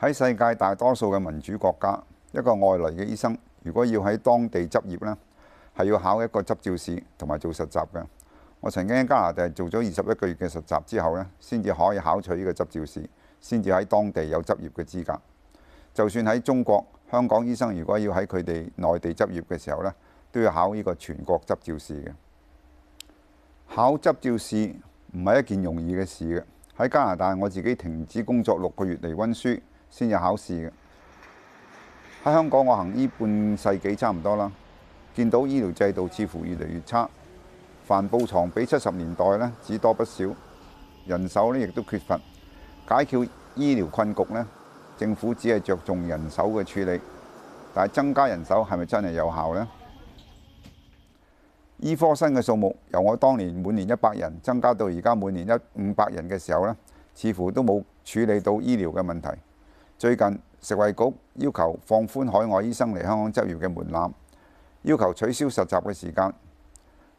喺世界大多數嘅民主國家，一個外來嘅醫生如果要喺當地執業呢，係要考一個執照試同埋做實習嘅。我曾經喺加拿大做咗二十一個月嘅實習之後呢，先至可以考取呢個執照試，先至喺當地有執業嘅資格。就算喺中國，香港醫生如果要喺佢哋內地執業嘅時候呢，都要考呢個全國執照試嘅。考執照試唔係一件容易嘅事嘅。喺加拿大，我自己停止工作六個月嚟溫書。先有考試嘅。喺香港，我行醫半世紀，差唔多啦。見到醫療制度似乎越嚟越差，帆布床比七十年代呢只多不少，人手呢亦都缺乏。解決醫療困局呢，政府只係着重人手嘅處理，但係增加人手係咪真係有效呢？醫科生嘅數目由我當年每年一百人增加到而家每年一五百人嘅時候呢，似乎都冇處理到醫療嘅問題。最近食衛局要求放寬海外醫生嚟香港執業嘅門檻，要求取消實習嘅時間，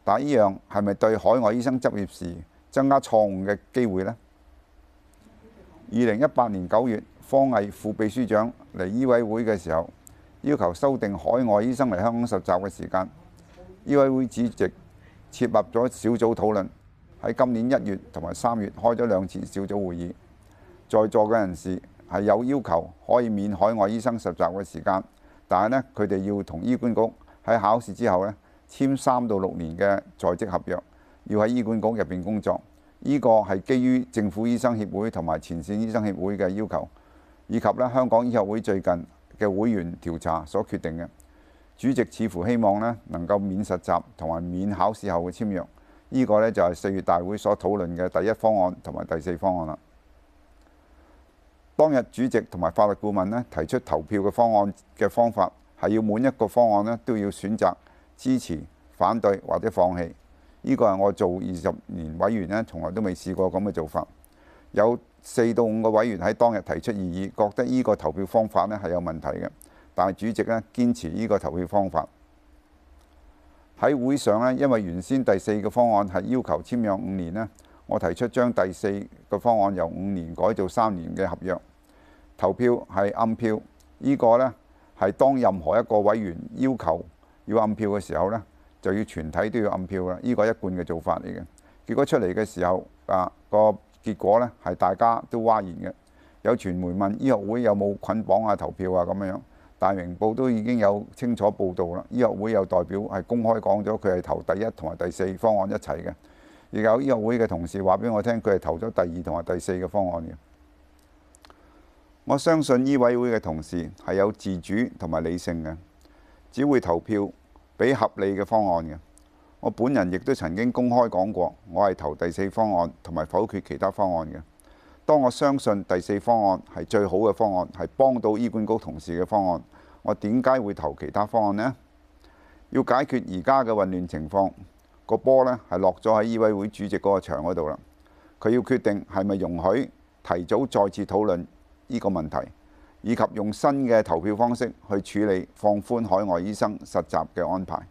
但係依樣係咪對海外醫生執業時增加錯誤嘅機會呢？二零一八年九月，方毅副秘書長嚟醫委會嘅時候，要求修訂海外醫生嚟香港實習嘅時間，醫委會主席設立咗小組討論，喺今年一月同埋三月開咗兩次小組會議，在座嘅人士。係有要求可以免海外醫生實習嘅時間，但係呢，佢哋要同醫管局喺考試之後呢簽三到六年嘅在職合約，要喺醫管局入邊工作。呢個係基於政府醫生協會同埋前線醫生協會嘅要求，以及呢香港醫學會最近嘅會員調查所決定嘅。主席似乎希望呢能夠免實習同埋免考試後嘅簽約。呢個呢就係四月大會所討論嘅第一方案同埋第四方案啦。當日主席同埋法律顧問咧提出投票嘅方案嘅方法係要每一個方案咧都要選擇支持、反對或者放棄。呢個係我做二十年委員咧，從來都未試過咁嘅做法。有四到五個委員喺當日提出異議，覺得呢個投票方法咧係有問題嘅，但係主席咧堅持呢個投票方法喺會上咧，因為原先第四個方案係要求簽約五年咧，我提出將第四個方案由五年改做三年嘅合約。投票係暗票，呢個呢，係當任何一個委員要求要暗票嘅時候呢，就要全體都要暗票啦。呢個一貫嘅做法嚟嘅。結果出嚟嘅時候，啊個結果呢，係大家都嘩然嘅。有傳媒問醫學會有冇捆綁，綁啊投票啊咁樣樣，大明報都已經有清楚報道啦。醫學會有代表係公開講咗佢係投第一同埋第四方案一齊嘅，而有醫學會嘅同事話俾我聽，佢係投咗第二同埋第四個方案嘅。我相信醫委會嘅同事係有自主同埋理性嘅，只會投票俾合理嘅方案嘅。我本人亦都曾經公開講過，我係投第四方案同埋否決其他方案嘅。當我相信第四方案係最好嘅方案，係幫到醫管局同事嘅方案，我點解會投其他方案呢？要解決而家嘅混亂情況，個波咧係落咗喺醫委會主席嗰個場嗰度啦。佢要決定係咪容許提早再次討論呢個問題，以及用新嘅投票方式去處理，放寬海外醫生實習嘅安排。